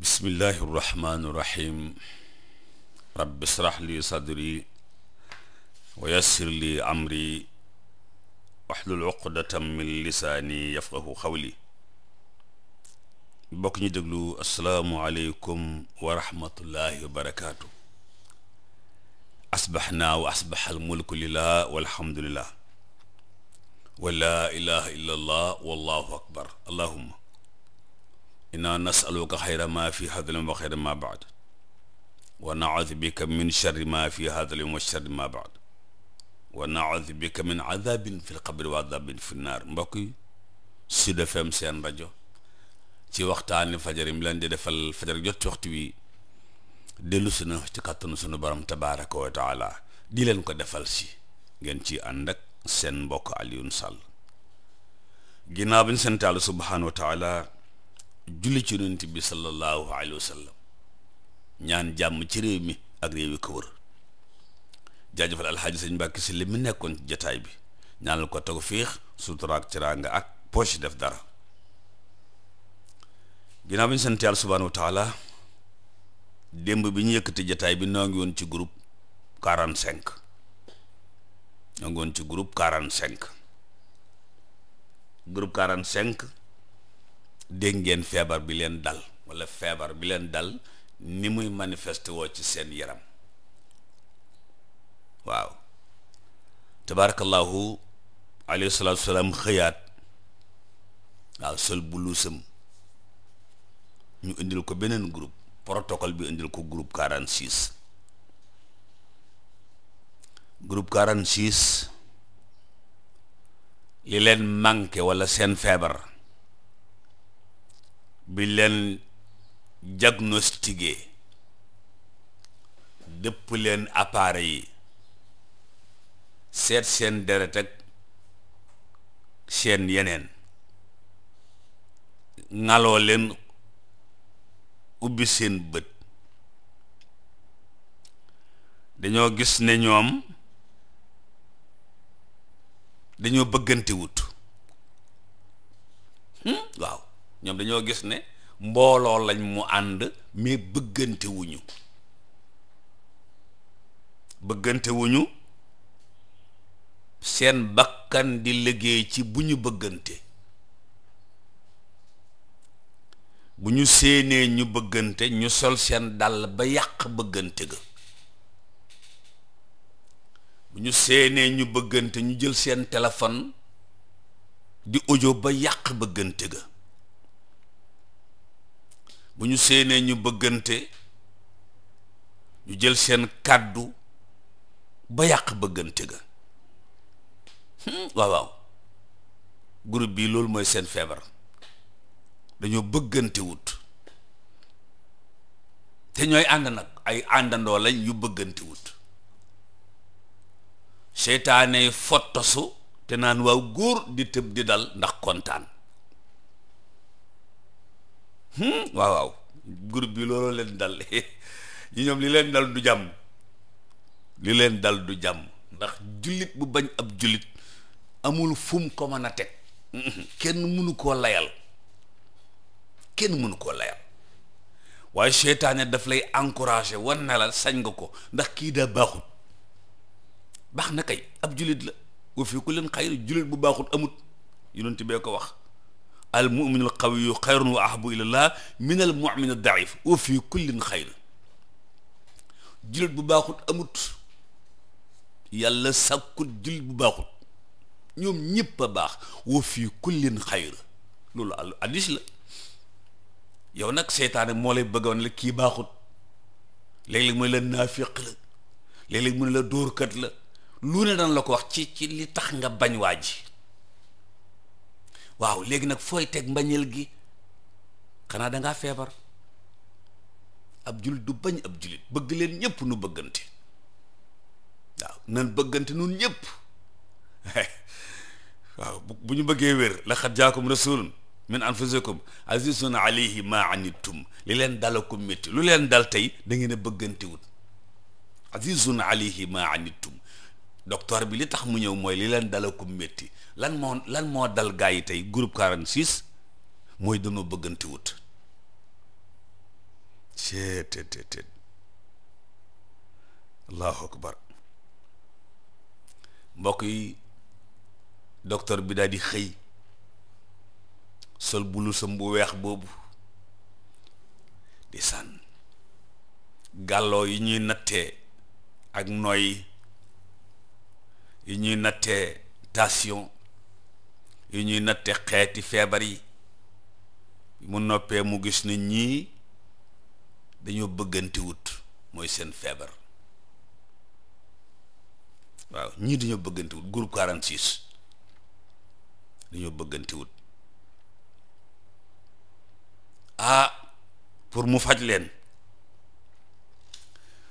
bismillahi irrahmani irrahim rabbi israh li sadri wa yassir li amri waxlul uqdatam min lisaani yafqahu xawli bokk ñu déglu asalaamualeykum wa rahmatullahi wa barakaatu asbaxnaa wa asbax almulku lillah walhamdulillah wa laa ilaha illa allah wallahu akbar allahumma inna nasaluka xayra ma fi hada lyawm wa ma baad wa naudu bika min charri ma fi hada lyawm wa charri ma baad wa naudu bika min adabin fi lqabri wa adabin fi nnaar mbokk yi Sud FM seen rajo ci waxtaani fajar mi leen di defal fajar jot ci waxtu wi dellu si na ci kàttanu sunu baram tabaraka wa taala di leen ko defal si ngeen ci ànd seen mbokk Alioune Sall ginnaaw bi seen taalu subhaanahu wa taala julli ci yonent bi sallallahu alayhi wa ñaan jàmm ci réew mi ak réew yi ko wër jaajëfal alxaaji sëñ Mbàkke si li mu nekkoon ci jataay bi ñaanal ko tawfiix suturaak teraanga ak poche def dara ginnaaw bi ñu sant yàlla subhaanahu wa démb bi ñu yëkkati jataay bi noo woon ci groupe quarante cinq noo ci groupe quarante cinq groupe quarante cinq dégg ngeen feebar bi leen dal walla feebar bi leen dal ni muy manifesté woo ci seen yaram waaw tabarakallahu alayhi salaatu salaam xëyaat waaw sol bulusam ñu indil ko beneen groupe protocole bi indil ko group quarante six groupe quarante six li leen manqué walla seen feebar bi leen diagnostiqué dëpp leen appareil yi seet seen deret ak seen yeneen ngaloo leen ubbi seen bët dañoo gis ne ñoom dañoo bëggante wut ñoom dañoo gis ne mbooloo lañ mu ànd mais bëggante bëggantewuñu seen bakkan di liggéey ci bu ñu bëggante bu ñu séenee ñu bëggante ñu sol seen dàll ba yàq bëggante ga bu ñu séenee ñu bëggante ñu jël seen telefon di audio ba yàq bëggante ga bu ñu séenee ñu bëggante ñu jël seen kàddu ba yàq bëggante ga hmm, waaw waaw groupe bii loolu mooy seen feebar dañoo bëggante wut te ñooy ànd nag ay àndandoo lañ yu bëggante wut seytaane fotosu te naan waaw góor di tëb di dal ndax kontaan Hmm? waaw waaw groupe bi looloo leen dal ñi ñoom li leen dal du jàmm li leen dal du jàmm ndax jullit bu bañ ab jullit amul fum ko mën a teg kenn mënu koo layal kenn mënu koo layal waaye seytaane daf lay encouragé wan na la sañ nga ko ndax kii daa baaxut baax na kay ab jullit la wa fii ku leen xayri jullit bu baaxut amut yonent bee ko wax al mu'minu al qawiyyu xayrun wa ahabu ilallah min al mu'min ad daif wa fi kullin xayr jullit bu baaxut amut yàlla sàkkut jullit bu baaxut ñoom ñëpp a baax wa fi kullin xayr loolu al hadis la yow nag seytaane moo lay bëggoon la kii baaxut léeg-léeg mu ne la naafiq la léeg-léeg mu ne la dóorkat la lu ne daan la ko wax ci ci li tax nga bañ waa ji waaw léegi nag fooy teg mbañeel gi xanaa dangaa feebar ab julit du bañ ab julit bëgg leen ñëpp nu bëggante waaw nan bëggante nun ñëpp waaw bu ñu bëggee wér laqad jaakum rasulun min anfusikum azizun alayhi ma anittum li leen dalakum métti lu leen dal tey da ngeen a bëggante wut azizun alayhi anittum docteur bi li tax mu ñëw mooy li leen dala ko metti lan moo lan moo dal gaa yi tey groupe 46 mooy dañoo bëgganti wut ceet teet allahu akbar mbokk yi docteur bi daal di xëy sol bulusam bu weex boobu di sànn gàlloo yi ñuy nattee ak noy yu ñuy nattee tasiyon yu ñuy natte xeeti feebar yi mu noppee mu gis ne ñii dañoo bëggantiwut mooy seen feebar waaw ñii dañoo bëggante wut groupe 46 dañoo bëggante ah pour mu faj leen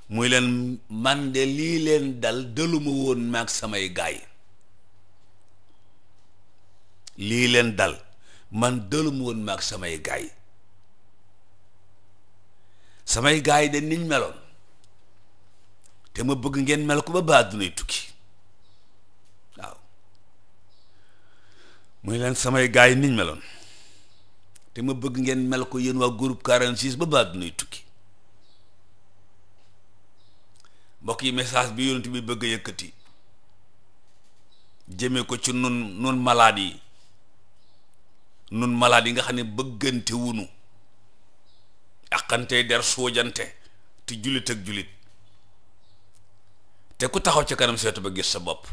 muy leen man de lii leen dal daluma woon maag samay gaay lii leen dal man daluma woon maag samay gaay samay gaay de niñ meloon te ma bëgg ngeen mel ko ba ba àddunay tukki waaw muy leen samay gaay niñ meloon te ma bëgg ngeen mel ko yéen waa groupe 46 ba ba àddunay tukki mbokk yi message bi yonent bi bëgg a yëkkati jëme ko ci nun nun malade yi nun malaad yi nga xam ne bëggante wunu àqante der soojante te jullit ak jullit te ku taxaw ci kanam seetu ba gis sa bopp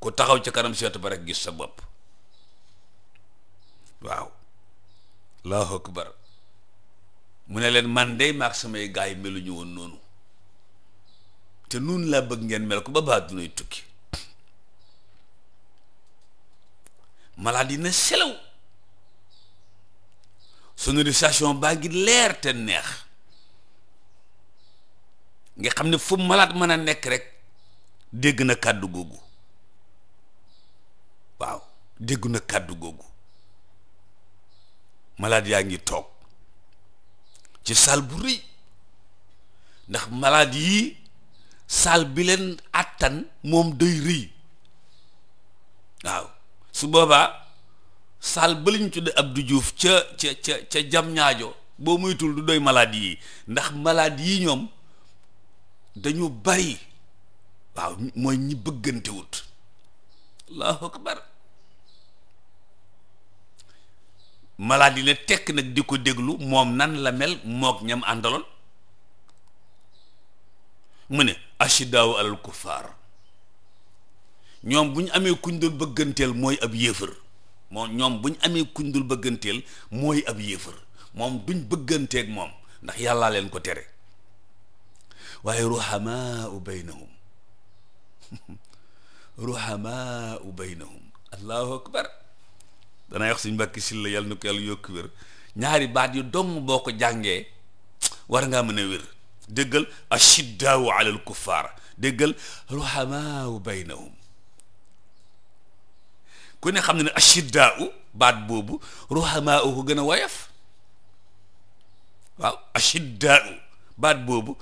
ku taxaw ci kanam seetu ba rek gis sa bopp waaw allahu akbar mu ne leen man dey maag samay gaay meluñu woon noonu te nun laa bëgg ngeen mel ko ba baa dunay tukki malade yi na selaw sonorisation baa ngi leer te neex nga xam ne fu malade mën a nekk rek dégg na kàddu googu waaw dégg na kàddu googu malade yaa ngi toog ci salle bu rëy ndax malade yii saal bi leen àttan moom day rëy waaw su boobaa saal ba liñ tudde Abdou Diouf ca ca ca ca jam ñaajo boo muytul du doy malade yi ndax malade yi ñoom dañu bari waaw mooy ñi bëggantewut allahu akbar malade yi ne tekk nag di ko déglu moom nan la mel mook ñam àndaloon mu ne ashidaaw alal kuffaar ñoom bu ñu amee kuñ dul bëgganteel mooy ab yéefar moom amee kuñ bëgganteel mooy ab yéefar moom duñ bëgganteeg moom ndax yàllaa leen ko tere waaye ruhamaau baynahum ruhamaau baynahum allahu akbar danaa wax suñ mbàkki silla yàlla na ko yàlla yokk wér ñaari baat yu dong boo ko jàngee war ngaa mën a wér déggal ashiddaau ala alkuffar déggal ruhamaau baynahum ku ne xam ne ne ashiddaau baat boobu ruhamaau ko gën a woyof waaw ashiddaau baat boobu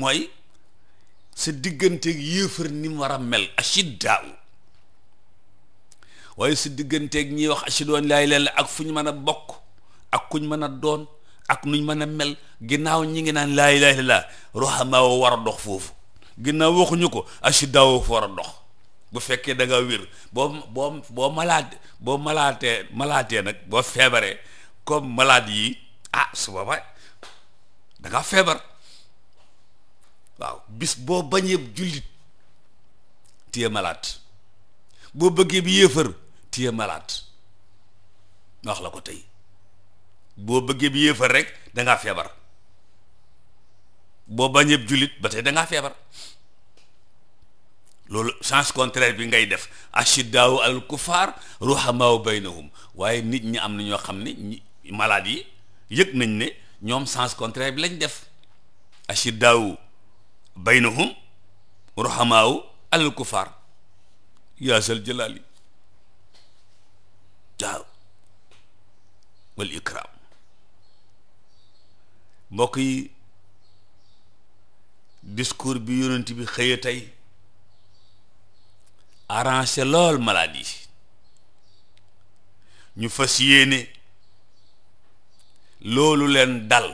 mooy sa digganteeg yéefar ni mu war a mel ashiddaau waaye sa digganteeg ñiy wax ashhadu an laa ak fu ñu mën a bokk ak kuñ mën a doon ak nuñ mën a mel ginnaaw ñi ngi naan laa ilaaha illallaah roxamaawo war a dox foofu ginnaaw waxuñu ko asiddaawo fa war a dox bu fekkee da nga wér boo boo boo malaat boo malaatee malaatee nag boo feebaree comme malade yi ah su boobaa da nga feebar waaw bis boo bañee jullit téye malaat boo bëggee bi yéefar téye malaat nga wax la ko tey boo bëggee bi yéefar rek dangaa feebar boo bañeeb jullit ba tey dangaa feebar loolu sens contraire bi ngay def ashiddaaw al kufaar ruhamaaw baynahum waaye nit ñi am na ñoo xam ne ñi malade yi yëg nañ ne ñoom sens contraire bi lañ def ashiddaaw baynahum ruhamaaw al kufaar yaasal jalaali waaw wal ikraam mbokk yi discours bi yonent bi xëya tey arrangé lool malade yi ñu fas yéene loolu leen dal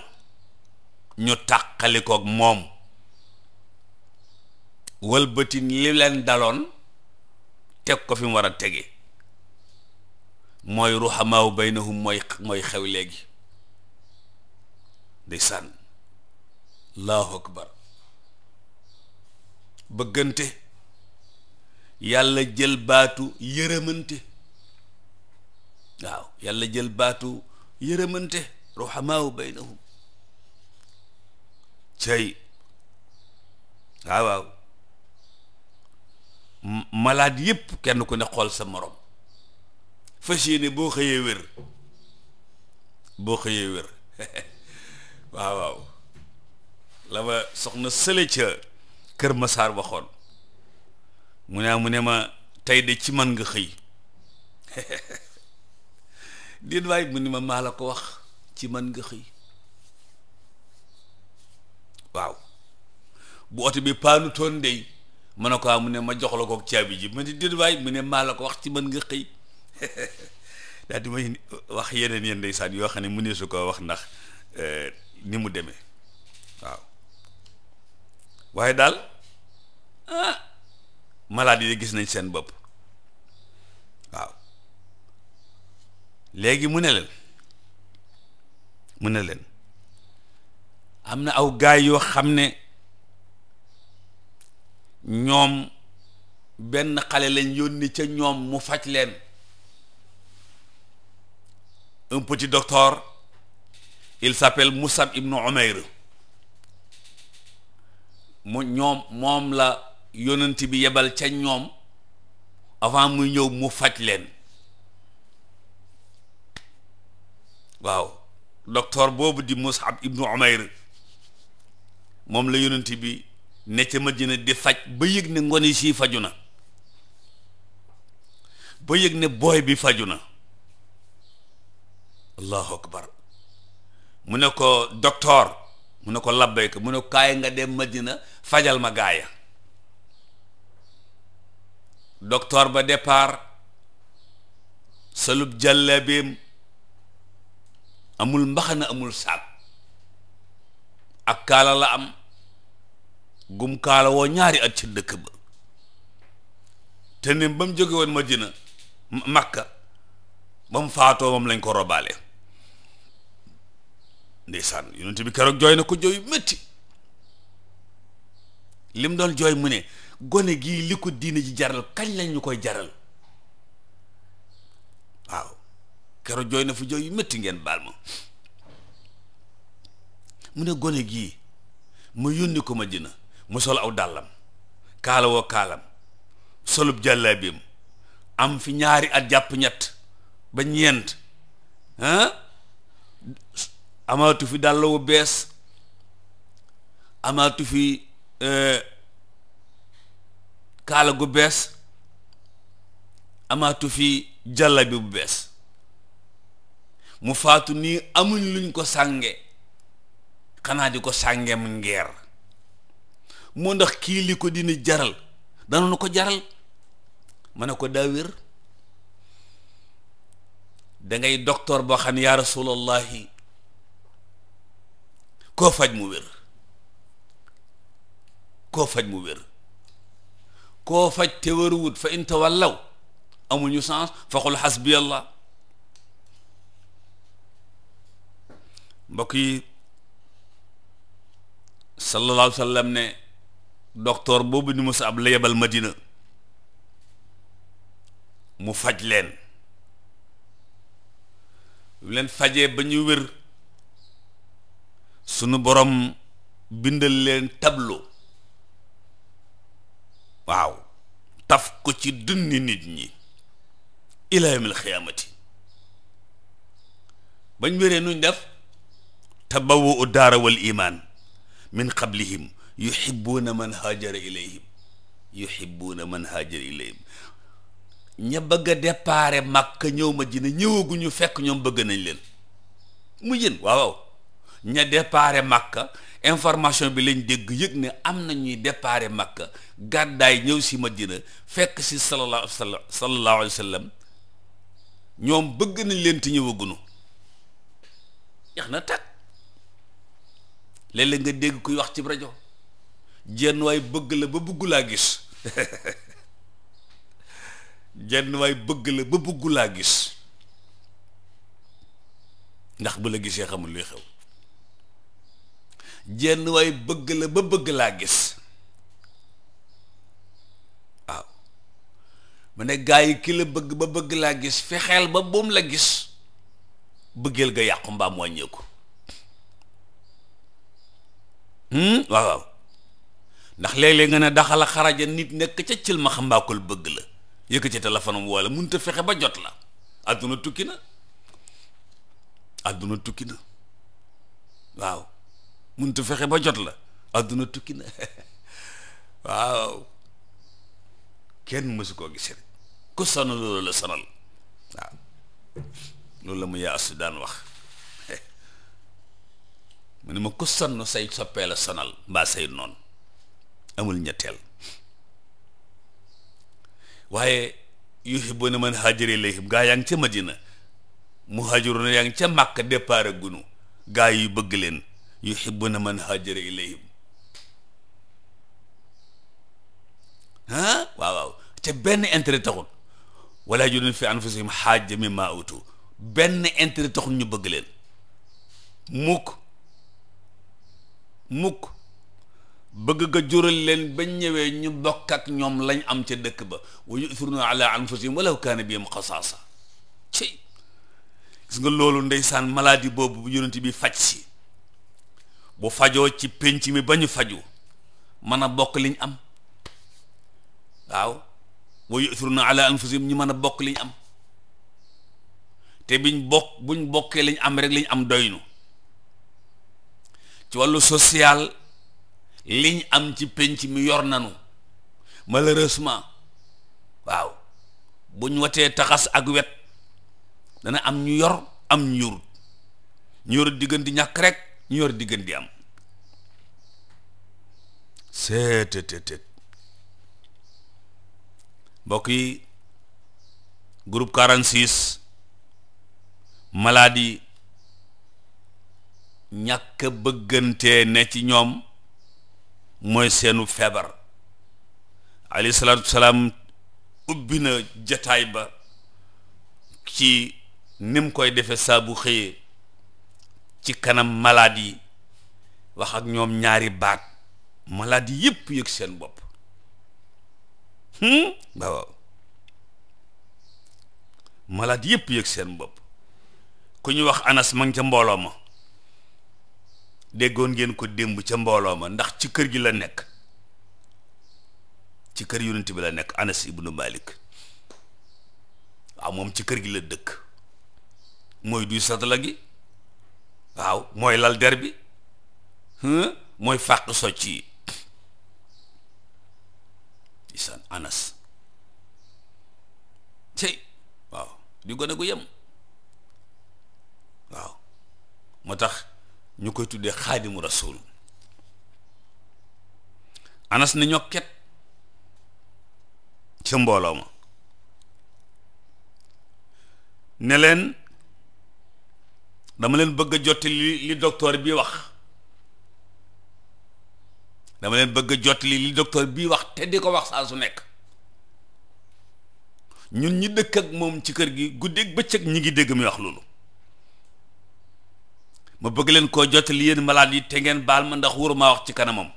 ñu tàqalikoog moom wëlbatin li leen daloon teg ko fi mu war a tege mooy ruhamaaw baynahum mooy mooy xew léegi ndeysaan allahu akbar bëggante yàlla jël baatu yërëmante waaw yàlla jël baatu yërëmante ruhamaaw baynahum cey waaw waaw malade yépp kenn ku ne xool sa morom fas yéene boo xëyee wér boo xëyee wér waaw waaw la ma soxna sële ca Kër Masaar waxoon mu ne mu ne ma tey de ci man nga xëy déet waay mu ne ma maa ko wax ci man nga xëy waaw bu oto bi paanu toon dey ma ne ko mu ne ma jox la ko caabi ji ma ne waay mu ne maa la ko wax ci man nga xëy daal di may wax yeneen yenn ndeysaan yoo xam ne mu ne su ko wax ndax eh, ni mu demee waaw waaye daal ah yi gis nañ seen bopp waaw léegi mu ne leen mu ne leen am na aw gaay yoo xam ne ñoom benn xale lañ yónni ca ñoom mu faj leen un petit docteur il s'appelle Musab ibnu Umayr mu ñoom moom la yonent bi yebal ca ñoom avant muy ñëw mu faj leen waaw docteur boobu di Musab ibnu Umayr moom la yonent bi ne ca Madina di faj ba yëg ne ngone sii faju na ba yëg ne booy bi faju na allahu akbar mu ne ko docteur mu ne ko labbayka mu ne ko kaay nga dem madina fajal ma gaaya docteur ba départ salub jàllabeem amul mbaxana amul saat ak kaala la am gum kaala woo ñaari at ci dëkk ba te ne ba mu jóge woon madina makka ba mu faatoo moom lañ ko robaale ndeysaan yonent bi keroog jooy na ko jooy métti lim doon jooy mu ne gone gii li ko diine ji jaral kañ lañ ñu koy jaral waaw keroog jooy na fu jooy yu metti ngeen baal ma mu ne gone gii mu yónni ko ma dina mu sol aw dàllam kaalawoo kaalam solub jàllaabeem am fi ñaari at jàpp ñett ba ñeent amaatu fi dàll wu bees amaatu fi e, kaala gu bees amaatu fi jàlla bi bu bees mu faatu nii amuñ luñ ko sànge xanaa di ko sàngem ngeer moo ndax kii li ko dina jaral danoonu ko jaral ma ne ko daa dangay da ngay boo xam ne yaa rasulallahi koo faj mu wér koo faj mu wér koo faj te wéruwut fa in tawallaw amuñu sens faxul xasbiyallah mbokk yi sallallahu alayhi wa ne docteur boobu ni musa ab la madina mu faj leen leen faje ba ñu wér sunu boroom bindal leen tableau waaw taf ko ci dunni nit ñi ila yawmil xiyaamati bañ wéree nuñ def tabawu u daara wa iman min qablihim yu man haajara ilayhim yuhibbuuna man haajara ilayhim ña bëgg a déparé ñëw ma dina ñëwaguñu fekk ñoom bëgg nañ leen mu yéen waaw ña déparé Makka information bi lañ dégg yëg ne am na ñuy déparé Makka gàddaay ñëw si Madina fekk si sallallahu sallallahu alayhi wa sallam ñoom bëgg nañ leen te ñëwagunu yax na tag léeg-léeg nga dégg kuy wax ci rajo jenn waay bëgg la ba bëggu laa gis jenn waay bëgg la ba bëggu laa gis ndax bu la gisee xamul luy xew jenn waay bëgg la ba bëgg laa gis waaw mu ne gaa yi ki la bëgg ba bëgg laa gis fexeel ba buum la gis bëggeel ga yàqu mbaam wàññeeku hmm? waaw waaw ndax léeg-léeg nga ne daxala xaraja nit nekk ca cël ma bëgg la yëkk ci téléphone am wala mënut a fexe ba jot la àdduna tukki na àdduna tukki na waaw mun a fexe ba jot la àdduna tukki na waaw kenn mësu koo gis ku sonal loolu la sonal waaw loolu la mu yaa asu daan wax mu ne ma ku sonn say soppee la sonal mbaa say noonu amul ñetteel waaye yuhibbuuna man haajara ilayhim gaa yaa ngi ca Madina muhaajiruna yaa ngi ca Màkka départ ak gunu gaa yi bëgg leen yuhibbuna man haajara ilayhim ah waaw waaw te benn intérêt taxul wala yajiduna fi anfusihim haaja mimma utu benn intérêt taxul ñu bëgg leen mukk mukk bëgg nga jural leen bañ ñëwee ñu bokk ak ñoom lañ am ca dëkk ba wa yuthiruna ala anfusihim walaw kaana bihim xasaasa ci gis nga loolu ndeysaan maladie boobu yonent bi faj si bu fajoo ci pénc mi ba ñu faju mën a bokk liñ am waaw wa na ala anfusihim ñu mën a bokk liñ am te biñ bokk buñ bokkee liñ am rek liñ am doynu ci wàllu social liñ am ci pénc mi yor nanu malheureusement waaw buñ watee taxas ak wet dana am ñu yor am ñurut ñurut diggante ñàkk rek ñu yor di gën di am seetetetet mbokk yi groupe 46 maladie ñàkk bëggante ne ci ñoom mooy seenu feebar alayhi salaatu wasalaam ubbi na jataay ba ci nim koy defe saa bu xëyee ci kanam malade yi wax ak ñoom ñaari baat malade yi yëpp yëg seen bopp hmm? waaw malade yëpp yëg seen bopp ku ñu wax anas ma ngi ca mbooloo ma déggoon ngeen ko démb ca mbooloo ma ndax ci kër gi la nekk ci kër yonent bi la nekk anas ibnu malik waaw moom ci kër gi la dëkk mooy duy satala gi waaw mooy lal der bi mooy fàq socc yi isan anas tey waaw di gone gu yem waaw moo tax ñu koy tuddee xaadimu rasul anas na ñokket ca mbooloo ma ne leen dama leen bëgg a jottali li docteur bi wax dama leen bëgg a jottali li docteur bi wax te di ko wax saa su nekk ñun ñi dëkk ak moom ci kër gi guddeeg bëccëg ñi ngi dégg muy wax loolu ma bëgg leen koo jottali yéen malade yi te ngeen baal ma ndax wóoru maa wax ci kanamam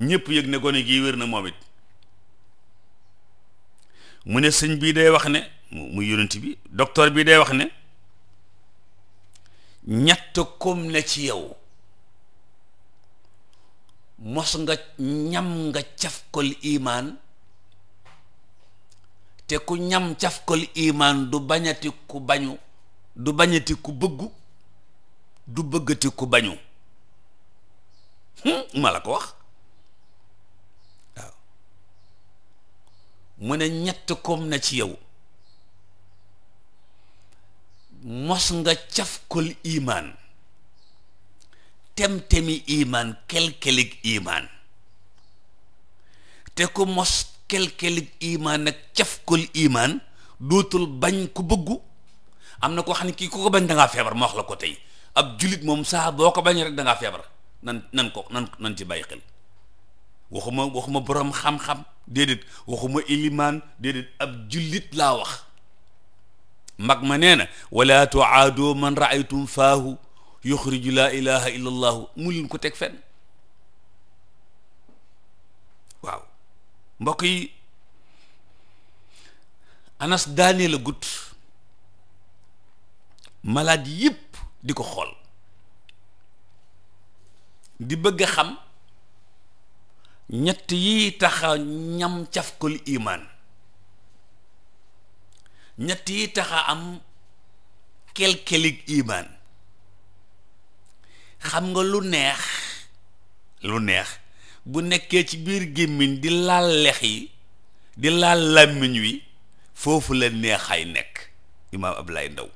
ñépp yëg ne gone gii wér na moom it mu ne sëñ bii day wax ne mu yonent bi docteur bii day wax ne ñett kom na ci yow mos nga ñam nga cafkol imaan te ku ñam cafkol imaan du bañati ku bañu du bañati ku bëggu du bëggati ku bañu ma la ko wax waaw mu ne ñett kom na ci yow mos nga cafkul imaan tem-temi imaan kel imaan te ku mos kel-kelig imaan ak cafkul imaan dootul bañ ku bëggu am na koo xam ne kii ku ko bañ dangaa feebar ma wax la ko tey ab julit moom saa boo ko bañ rek dangaa feebar nan nan ko nan nan ci bàyyi xel waxuma waxuma boroom xam-xam déedéet waxuma ilimaan déedéet ab jullit laa wax mbag ma nee na wala tuaadoo man raaytum faahu yuxriju laa ilaha illa mu leen ko teg fenn waaw mbokk yi anas daanee la gut malade yépp di ko xool di bëgg a xam ñett yi taxa ñam cafkul imaan ñett yi taxa am kelkelik imaan xam nga lu neex lu neex bu nekkee ci biir gémmiñ di laal lex yi di laal làmmiñ wi foofu la neexaay nekk imaam Ablaye Ndaw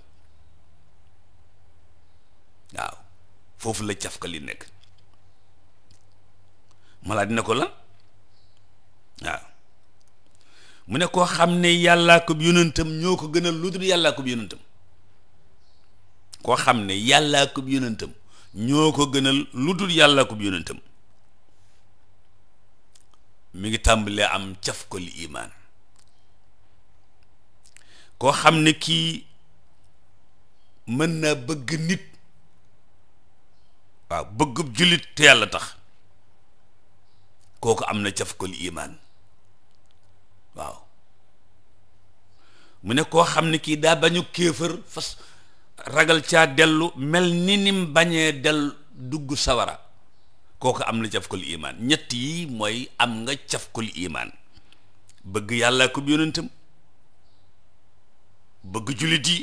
waaw foofu la cafka li nekk malaa dina ko la waaw mu ne koo xam ne yàllaa ko yonentam ñoo ko gënal lu dul yàllaa ko yonentam koo xam ne yàllaa ko yonentam ñoo ko gënal lu dul yàllaa ko yonentam mu ngi tàmbalee am caf ko li koo xam ne kii mën naa bëgg nit waaw bëggub jullit te yàlla tax kooku am na caf ko li imaan waaw mu ne koo xam ne kii daa bañu kéefër fas ragal caa dellu mel ni nim bañee del dugg sawara kooku am na cafkul imaan ñett yi mooy am nga cafkul imaan bëgg yàlla ko yonentam bëgg jullit yi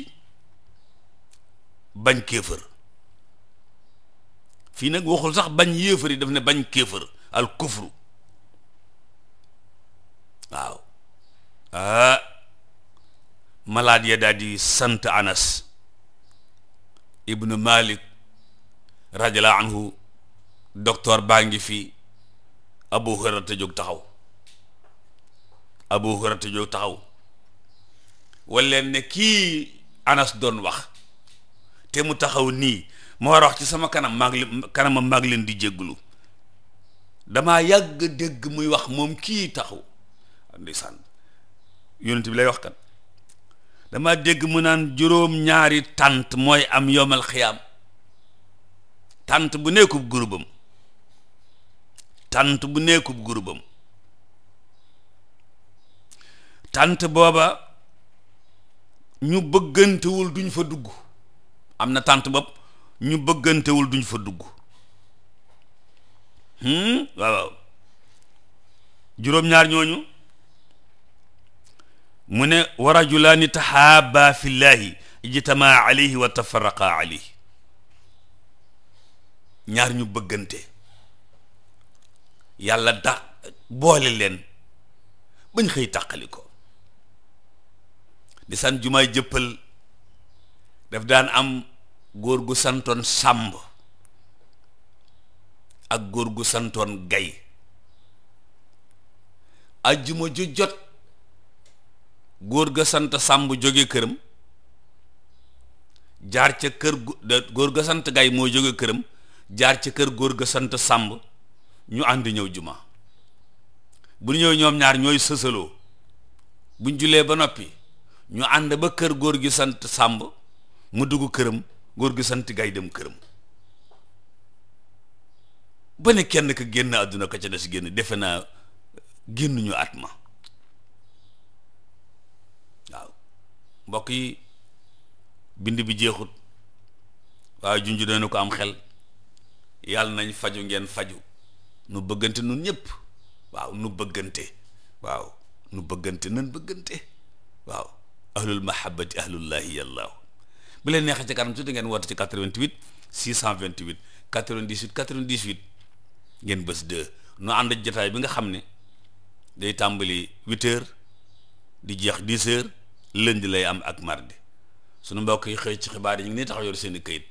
bañ kéefër fii nag waxul sax bañ yéefër yi daf ne bañ kéefër al kufru waaw ah malaat ya daal di sant anas ibnu malik radiallahu anhu docteur baa ngi fi abu hurata jóg taxaw abu hurata jóg taxaw walleen ne kii anas doon wax te mu taxaw nii ma war a wax ci sama kanam maag leen kanamam maag leen di jégglu damaa yàgg dégg muy wax moom kii taxaw ndeysaan yonent bi lay wax kan dama dégg mu naan juróom-ñaari tànt mooy am yomal xiyaam tànt bu nekkub gurubam tànt bu nekkub gurubam tànt booba ñu bëggantewul duñ fa dugg am na tànt bopp ñu bëggantewul duñ fa dugg hmm? waaw waaw juróom-ñaar ñooñu mu ne wa rajulaani tahaabaa fillaahi ijtamaa alayhi wa tafarraqa alayhi ñaar ñu bëggante yàlla da boole leen bañ xëy tàqali ko di san jumaay jëppal daf daan am góor gu santoon sàmb ak góor gu santoon gay ajjuma ju jot góor ga sant sàmb jóge këram jaar ca kër góor ga sant gay moo jóge këram jaar ca kër góor ga sant sàmb ñu ànd ñëw jumaa bu ñëw ñoom ñaar ñooy sësaloo buñ julee ba noppi ñu ànd ba kër góor gi sant sàmb mu dugg këram góor gi sant gay dem këram ba ne kenn ka génn àdduna ka ca des génn defe naa génnuñu at ma mbokk yi bind bi jeexut waaye junju dana ko am xel yàlla nañ faju ngeen faju nu bëggante nun ñëpp waaw nu bëggante waaw nu bëggante nan bëggante waaw ahlul mahabbati ahlullahi yàllaahu bu leen neexee ci kanam tuuti ngeen woote ci 88 628 98 98 ngeen bës 2 nu ànd jotaay bi nga xam ni day tàmbali 8 heures di jeex 10 lundi lay am ak mardi sunu mbokk yi xëy ci xibaar yi ñu ngi nii taxaw yor seen i këyit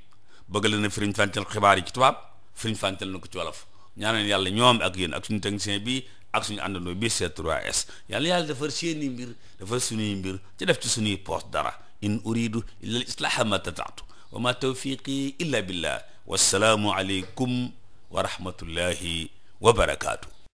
bëgg leen a firiñ fàntal xibaar yi ci tubaab firiñ fàntal na ko ci wolof ñaanal yàlla ñoom ak yéen ak suñu technicien bi ak suñu àndandoo bi C3S yàlla yàlla defar seeni mbir defar suñuy mbir ci def ci suñuy poos dara in uridu illa al islaha ma tataatu wa ma tawfiqi illa billah wassalaamu aleykum wa rahmatullahi wa barakaatu